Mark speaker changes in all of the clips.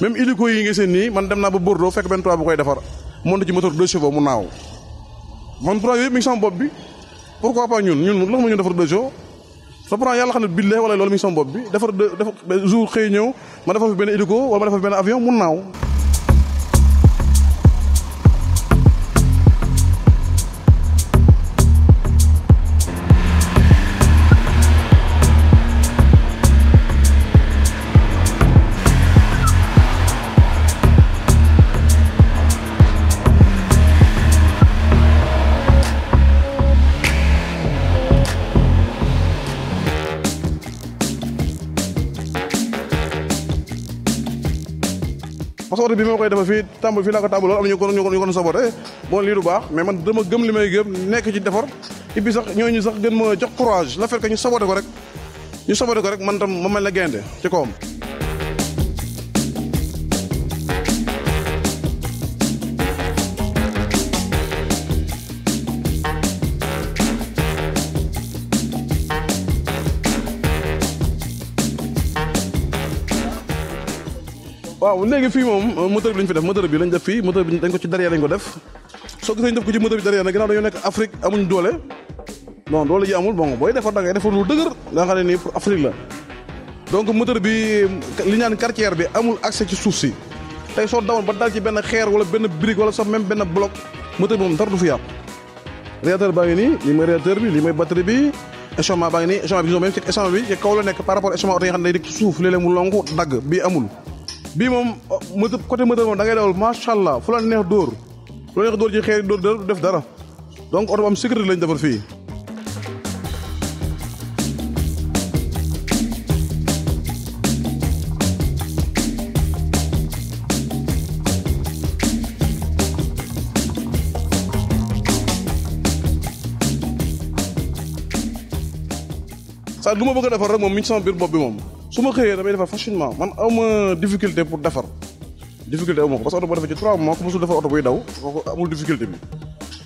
Speaker 1: même hélico yi nga seen nii man dem naa ba Bordeaux fekk benn tubaab bu koy defar monté ci moteur deux chevaux mu naaw man projet yëpp mi bopp bi pourquoi pas ñun ñun lox ma ñun defar deux chevaux sa prend yàlla xam ne billaahi wala loolu mi ngi sama bopp bi defar defar jour xëy ñëw ma defar fi benn hélico wala ma defar fi benn avion mu naaw parce oto bi ma koy defar fii tàmbali fii laa ko tàmbaloon am ñu ko ñu ko ñu ko saboté lii du baax mais man dama gëm may gëm nekk ci defar et puis sax ñooñu sax gën ma jox courage la fait que ñu saboté ko rek ñu saboté ko rek man tam ma mel ne gaynde ci kawam waaw léegi fii moom euh, moteur bi lañ fi def moteur bi lañ def fii moteur bi dañ ko ci derrière lañ ko def soo gisee ñu def ko ci moteur bi derrière nag gannaaw dañoo nekk Afrique amuñ doole non doole ji amul bon booy defar da ngay defar lu dëgër nga xam ne nii pour Afrique la donc moteur bi li ñaan quartier bi amul accès ci suuf si tey soo dawoon ba dal ci benn xeer wala benn brique wala sax même benn bloc moteur bi moom dara du fi yàqu réacteur baa ngi nii lii mooy réacteur bi lii mooy batterie bi échauffement baa ngi nii échauffement bi même ci bi ci kaw la nekk par rapport oto yi xam ne day dikk suuf léeg-léeg mu dagg bii amul bii moom moto côté moto moom da ngay dawal macha allah fu la neex dóor fu la neex dóor ci xeer dóor dóor def dara donc oto bu am sécurité lañ defar fii. saa lu ma bëgg rek moom mi ngi sama biir bopp bi moom. su ma xëyee damay defar facilement man aw ma pour defar difficulté aw ma ko parce que oto boo defee ci trois mois ku mosul defar oto buy daw kooku amul difficulté bi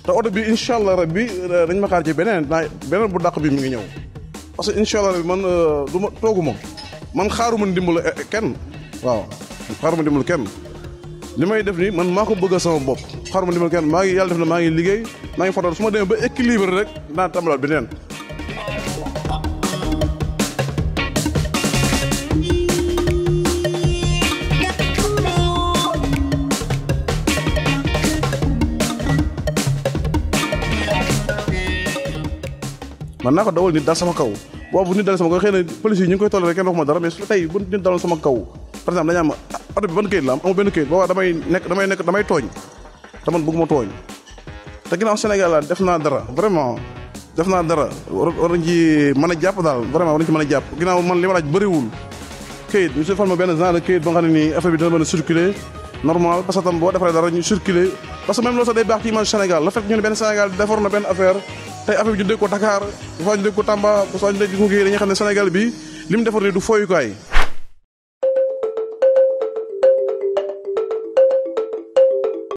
Speaker 1: te oto bi incha allah rabbi euh, dañ ma xaar ci beneen naa beneen bu daq bi mi ngi ñëw parce que incha allah rabbi man euh, du ma toogu ma man xaaruma ndimbal eh, eh, kenn waaw xaaruma ndimbal kenn li may def nii man maa ko bëgg sama bopp xaaruma ndimbal kenn maa ngi yàlla def na maa ngi liggéey maa ngi fotal su ma demee ba équilibre rek naa tàmbalaat beneen man naa ko dawal nit daal sama kaw boobu nit daal sama kaw xëy na police yi ñu ngi koy toléré kenn waxuma dara mais su tey bu nit daloon sama kaw par exemple dañu am ah, oto bi ban këyit la am amu benn këyit boobaa damay nekk damay nekk damay tooñ te man bëgguma tooñ te ginnaaw Sénégal la def naa dara vraiment def naa dara war nañ ci mën a jàpp daal vraiment war nañ ci mën a jàpp ginnaaw man li ma laaj bëriwul këyit ñu si defal ma benn genre de këyit ba nga xam ne nii affaire bi dina mën a circuler normal parce que tam boo defaree dara ñu circuler parce que même loolu sax day baax ci image Sénégal la fekk ñu ne benn Sénégal defar na benn affaire tey affaire bi ñu ko dakaar bu faa ñu ko Tamba bu faa ñu dégg ko kii dañuy xam ne Sénégal bi li mu defar nii du fooyukaay